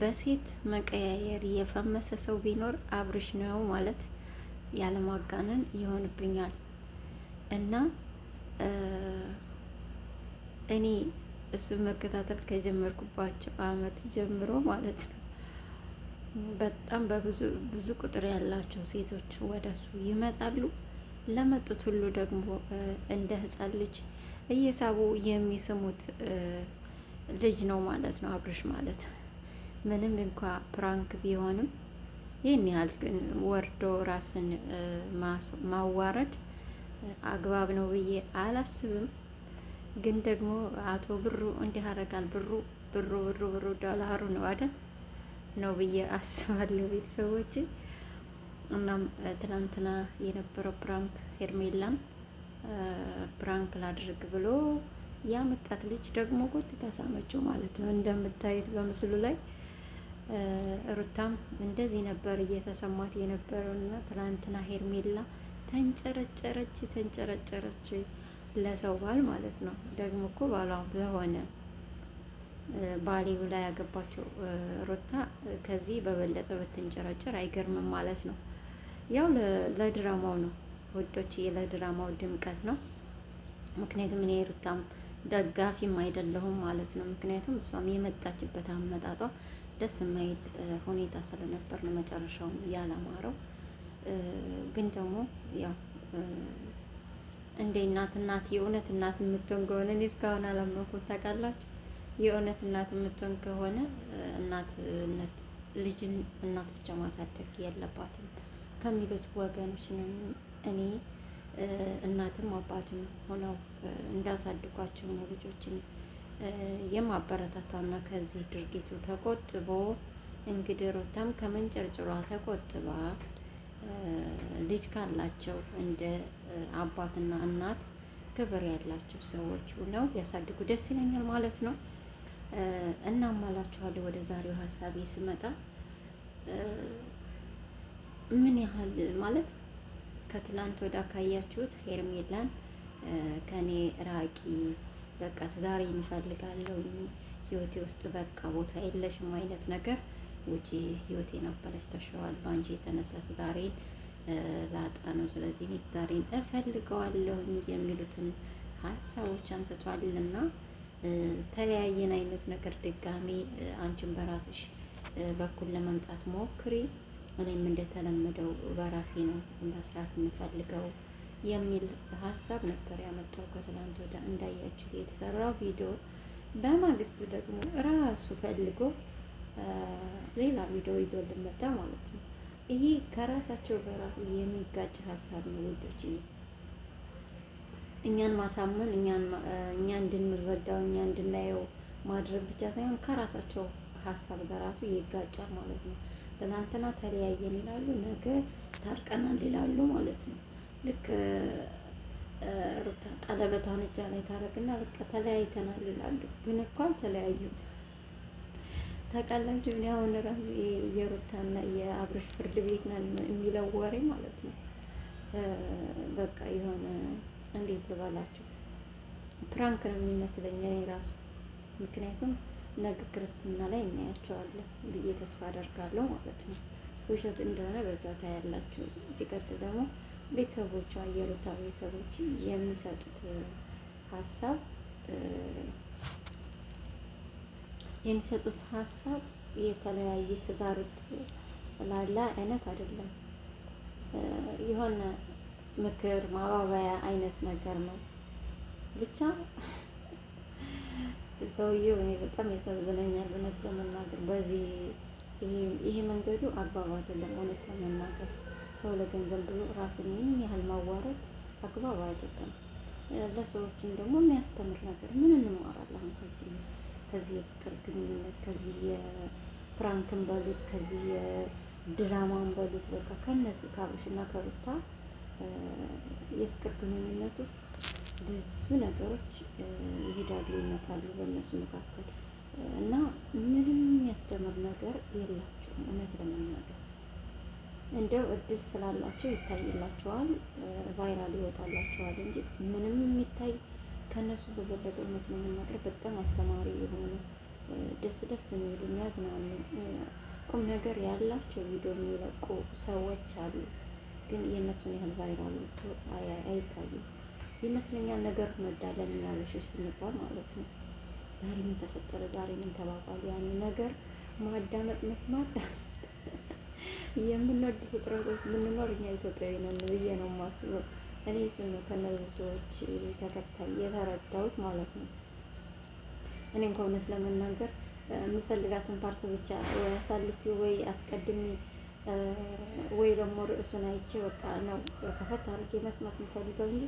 በሴት መቀያየር የፈመሰ ሰው ቢኖር አብርሽ ነው ማለት ያለማጋነን ይሆንብኛል። እና እኔ እሱን መከታተል ከጀመርኩባቸው አመት ጀምሮ ማለት ነው በጣም በብዙ ብዙ ቁጥር ያላቸው ሴቶች ወደሱ ይመጣሉ። ለመጡት ሁሉ ደግሞ እንደ ሕፃን ልጅ እየሳቡ የሚስሙት ልጅ ነው ማለት ነው አብርሽ ማለት ነው። ምንም እንኳ ፕራንክ ቢሆንም ይህን ያህል ወርዶ ራስን ማዋረድ አግባብ ነው ብዬ አላስብም። ግን ደግሞ አቶ ብሩ እንዲህ ያደርጋል። ብሩ ብሩ ብሩ ብሩ ዶላሩ ነው አይደል ነው ብዬ አስባለሁ ቤተሰቦች። እናም ትናንትና የነበረው ፕራንክ ሄርሜላን ፕራንክ ላድርግ ብሎ ያመጣት ልጅ ደግሞ ጎትታ ሳመችው ማለት ነው እንደምታዩት በምስሉ ላይ ሩታም እንደዚህ ነበር እየተሰማት የነበረውና ትላንትና ሄርሜላ ተንጨረጨረች ተንጨረጨረች ለሰው ባል ማለት ነው። ደግሞ እኮ ባሏ በሆነ ባሌ ላይ ያገባቸው ሩታ ከዚህ በበለጠ ብትንጨረጨር አይገርምም ማለት ነው። ያው ለድራማው ነው ወዶች፣ ለድራማው ድምቀት ነው። ምክንያቱም እኔ ሩታም ደጋፊም አይደለሁም ማለት ነው። ምክንያቱም እሷም የመጣችበት አመጣጧ ደስ የማይል ሁኔታ ስለነበር ነው መጨረሻውን ያላማረው። ግን ደግሞ ያው እንደ እናት እናት የእውነት እናት የምትሆን ከሆነ እኔ እስካሁን አላመንኩም። ታውቃላችሁ፣ የእውነት እናት የምትሆን ከሆነ እናትነት ልጅን እናት ብቻ ማሳደግ የለባትም ከሚሉት ወገኖች ነኝ እኔ። እናትም አባትም ሆነው እንዳሳድጓቸው ነው ልጆችን የማበረታታና ከዚህ ድርጊቱ ተቆጥቦ እንግዲህ ሩታም ከመንጨርጭሯ ተቆጥባ ልጅ ካላቸው እንደ አባትና እናት ክብር ያላቸው ሰዎች ነው ያሳድጉ ደስ ይለኛል ማለት ነው። እናም አላችኋለሁ ወደ ዛሬው ሀሳቤ ስመጣ ምን ያህል ማለት ከትላንት ወዳ ካያችሁት ሄርሜላን ከኔ ራቂ በቃ ትዳር እንፈልጋለሁ ህይወቴ ውስጥ በቃ ቦታ የለሽም አይነት ነገር ውጪ ህይወቴን አበላሽተሽዋል፣ በአንቺ የተነሳ ትዳሬን ላጣ ነው። ስለዚህ እኔ ትዳሬን እፈልገዋለሁ የሚሉትን ሀሳቦች አንስቷልና ተለያየን አይነት ነገር ድጋሚ አንቺን በራስሽ በኩል ለመምጣት ሞክሪ። እኔም እንደተለመደው በራሴ ነው መስራት የምፈልገው የሚል ሀሳብ ነበር ያመጣው። ከትላንት ወደ እንዳያችሁት የተሰራው ቪዲዮ በማግስቱ ደግሞ ራሱ ፈልጎ ሌላ ቪዲዮ ይዞልን መጣ ማለት ነው። ይሄ ከራሳቸው በራሱ የሚጋጭ ሀሳብ ነው ውዶች። እኛን ማሳመን እኛ እንድንረዳው እኛ እንድናየው ማድረግ ብቻ ሳይሆን ከራሳቸው ሀሳብ በራሱ ይጋጫል ማለት ነው። ትናንትና ተለያየን ይላሉ፣ ነገ ታርቀናል ይላሉ ማለት ነው። ልክ ሩታ ቀለበቷን እጇ ላይ ታደርግና በቃ ተለያይተናል ይላሉ። ግን እኮ አልተለያዩም። ተቀላጅ ምን አሁን ራሱ የሩታና የአብረሽ ፍርድ ቤት ነን የሚለው ወሬ ማለት ነው። በቃ የሆነ እንዴት ልበላችሁ ፕራንክ ነው የሚመስለኝ እኔ ራሱ ምክንያቱም ነገ ክርስትና ላይ እናያቸዋለን ብዬ ተስፋ አደርጋለሁ ማለት ነው። ውሸት እንደሆነ በዛ ታያላችሁ። ሲቀጥል ደግሞ ቤተሰቦቿ የሩታ ቤተሰቦች የሚሰጡት ሀሳብ የሚሰጡት ሀሳብ የተለያየ ትዳር ውስጥ ላለ አይነት አይደለም። የሆነ ምክር ማባበያ አይነት ነገር ነው። ብቻ ሰውየው እኔ በጣም ያሳዝነኛል፣ እውነት ለመናገር በዚህ ይሄ መንገዱ አግባብ አይደለም፣ እውነት ለመናገር ሰው ለገንዘብ ብሎ ራስን ይህን ያህል ማዋረድ አግባብ አይደለም። ለሰዎችም ደግሞ የሚያስተምር ነገር ምን እንማራለን? ከዚህ ከዚህ የፍቅር ግንኙነት ከዚህ የፍራንክን በሉት ከዚህ የድራማን በሉት በቃ ከነዚህ ከአብርሽና ከሩታ የፍቅር ግንኙነት ውስጥ ብዙ ነገሮች ይሄዳሉ ይመጣሉ በእነሱ መካከል እና ምንም የሚያስተምር ነገር የላቸውም እውነት ለመናገር እንደው እድል ስላላቸው ይታይላቸዋል፣ ቫይራል ይወጣላቸዋል እንጂ ምንም የሚታይ ከእነሱ በበለጠ እውነት ነው የምናገር። በጣም አስተማሪ የሆኑ ደስ ደስ የሚሉ የሚያዝናኑ ቁም ነገር ያላቸው ቪዲዮ የሚለቁ ሰዎች አሉ። ግን የእነሱን ያህል ቫይራል ወጥቶ አይታይም ይመስለኛል። ነገር መዳለን እኛ አበሾች ስንባል ማለት ነው። ዛሬ ምን ተፈጠረ፣ ዛሬ ምን ተባባሉ፣ ያንን ነገር ማዳመጥ መስማት የምንወድ ፍጥረቶች የምንኖር እኛ ኢትዮጵያዊ ነን ብዬ ነው የማስበው። እኔ እሱን ነው ከእነዚህ ሰዎች ተከታይ የተረዳሁት ማለት ነው። እኔም ከእውነት ለመናገር የምፈልጋትን ፓርት ብቻ ወይ አሳልፊ ወይ አስቀድሜ ወይ ደግሞ ርዕሱን አይቼ በቃ ነው ከፈት አድርጌ መስማት የምፈልገው እንጂ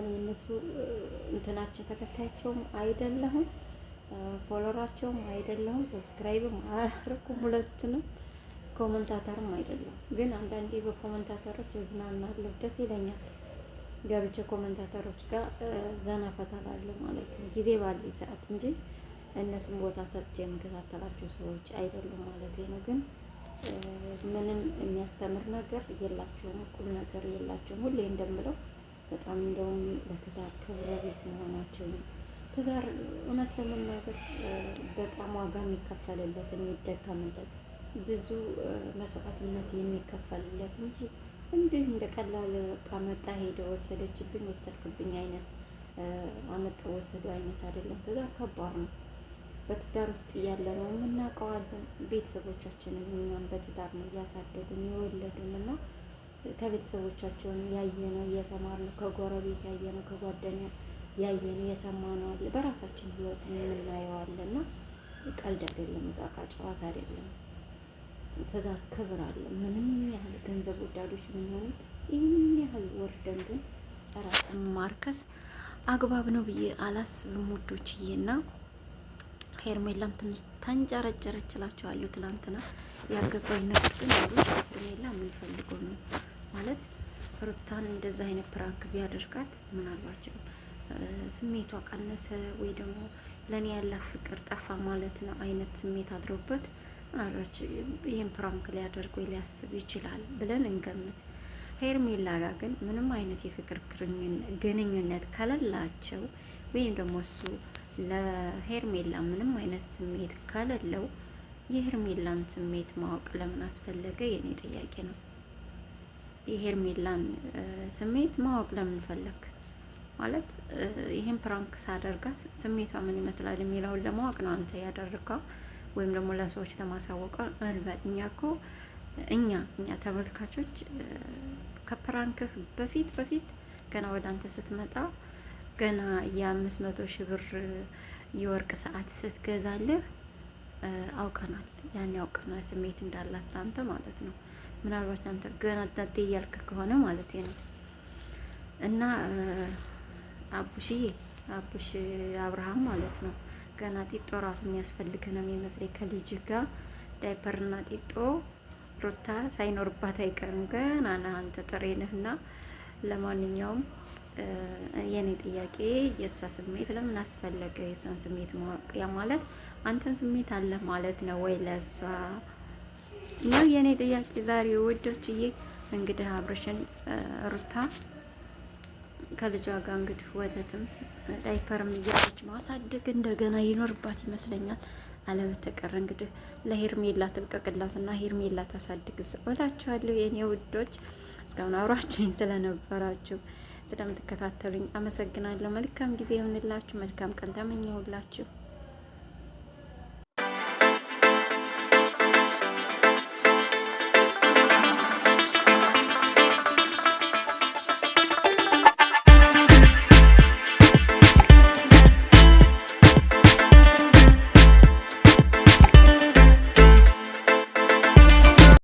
እኔ እነሱ እንትናቸው ተከታያቸውም አይደለሁም፣ ፎሎራቸውም አይደለሁም፣ ሰብስክራይብም አላረኩም ሁለቱንም ኮመንታተርም አይደለም ግን አንዳንዴ በኮመንታተሮች እዝናናለሁ፣ ደስ ይለኛል። ገብቼ ኮመንታተሮች ጋር ዘና ፈታላለሁ ማለት ነው ጊዜ ባለኝ ሰዓት እንጂ እነሱን ቦታ ሰጥቼ የምከታተላቸው ሰዎች አይደሉም ማለት ነው። ግን ምንም የሚያስተምር ነገር የላቸውም፣ ቁም ነገር የላቸውም። ሁሌ እንደምለው በጣም እንደውም ለትዳር ክብረቢስ መሆናቸው ነው። ትዳር እውነት ለመናገር በጣም ዋጋ የሚከፈልለት የሚደከምለት ብዙ መስዋዕትነት የሚከፈልለት እንጂ እንዲሁ እንደ ቀላል መጣ ሄደ ወሰደችብኝ ወሰድክብኝ አይነት አመጣ ወሰዱ አይነት አይደለም። ትዳር ከባድ ነው። በትዳር ውስጥ እያለ ነው የምናውቀዋለን። ቤተሰቦቻችንን እኛም በትዳር ነው እያሳደጉን የወለዱን እና ከቤተሰቦቻቸውን ያየነው የተማርነው ከጎረቤት ነው ከጓደኛ ያየነው የሰማነው አለ። በራሳችን ህይወት የምናየዋለና ቀልድ አይደለም፣ ዕቃ ዕቃ ጨዋታ አይደለም። ከዛ ክብር አለ። ምንም ያህል ገንዘብ ወዳዶች ብንሆኑ ይህን ያህል ወርደን ግን ራስን ማርከስ አግባብ ነው ብዬ አላስብም ውዶችዬ። እና ሄርሜላም ትንሽ ታንጨረጨረችላቸዋለሁ። ትላንትና ያገባኝ ነገር ግን አሉ ሄርሜላ የምንፈልገው ነው ማለት ሩታን እንደዛ አይነት ፕራንክ ቢያደርጋት ምናልባቸው ስሜቷ ቀነሰ ወይ ደግሞ ለእኔ ያላት ፍቅር ጠፋ ማለት ነው አይነት ስሜት አድሮበት ምናልባት ይህን ፕራንክ ሊያደርጉ ሊያስብ ይችላል ብለን እንገምት። ሄርሜላ ጋ ግን ምንም አይነት የፍቅር ግንኙነት ከሌላቸው ወይም ደግሞ እሱ ለሄርሜላ ምንም አይነት ስሜት ከሌለው የሄርሜላን ስሜት ማወቅ ለምን አስፈለገ? የኔ ጥያቄ ነው። የሄርሜላን ስሜት ማወቅ ለምን ፈለግ? ማለት ይህን ፕራንክ ሳደርጋት ስሜቷ ምን ይመስላል የሚለውን ለማወቅ ነው አንተ ያደረግከው። ወይም ደግሞ ለሰዎች ለማሳወቅ እልበል እኛ እኮ እኛ እኛ ተመልካቾች ከፕራንክህ በፊት በፊት ገና ወደ አንተ ስትመጣ ገና የአምስት መቶ ሺህ ብር የወርቅ ሰዓት ስትገዛልህ አውቀናል። ያን ያውቀናል ስሜት እንዳላት ለአንተ ማለት ነው። ምናልባት አንተ ገና ዳዴ እያልክ ከሆነ ማለት ነው። እና አቡሽዬ አቡሽ አብርሃም ማለት ነው ገና ጢጦ ራሱ የሚያስፈልግ ነው የሚመስለኝ። ከልጅ ጋር ዳይፐርና ጢጦ ሩታ ሳይኖርባት አይቀርም። ገና ነህ አንተ ጥሬ ነህና፣ ለማንኛውም የኔ ጥያቄ የእሷ ስሜት ለምን አስፈለገ? የእሷን ስሜት ማወቅ ያ ማለት አንተም ስሜት አለ ማለት ነው ወይ ለእሷ ነው የእኔ ጥያቄ ዛሬ ውዶችዬ። እንግዲህ አብረሽን ሩታ ከልጇ ጋር እንግዲህ ወተትም ዳይፐርም እያለች ማሳደግ እንደገና ይኖርባት ይመስለኛል። አለበተቀረ እንግዲህ ለሄርሜላ እና ሄርሜላ ታሳድግ እላችኋለሁ። የእኔ ውዶች እስካሁን አብራችሁኝ ስለነበራችሁ ስለምትከታተሉኝ አመሰግናለሁ። መልካም ጊዜ ይሁንላችሁ። መልካም ቀን ተመኘሁላችሁ።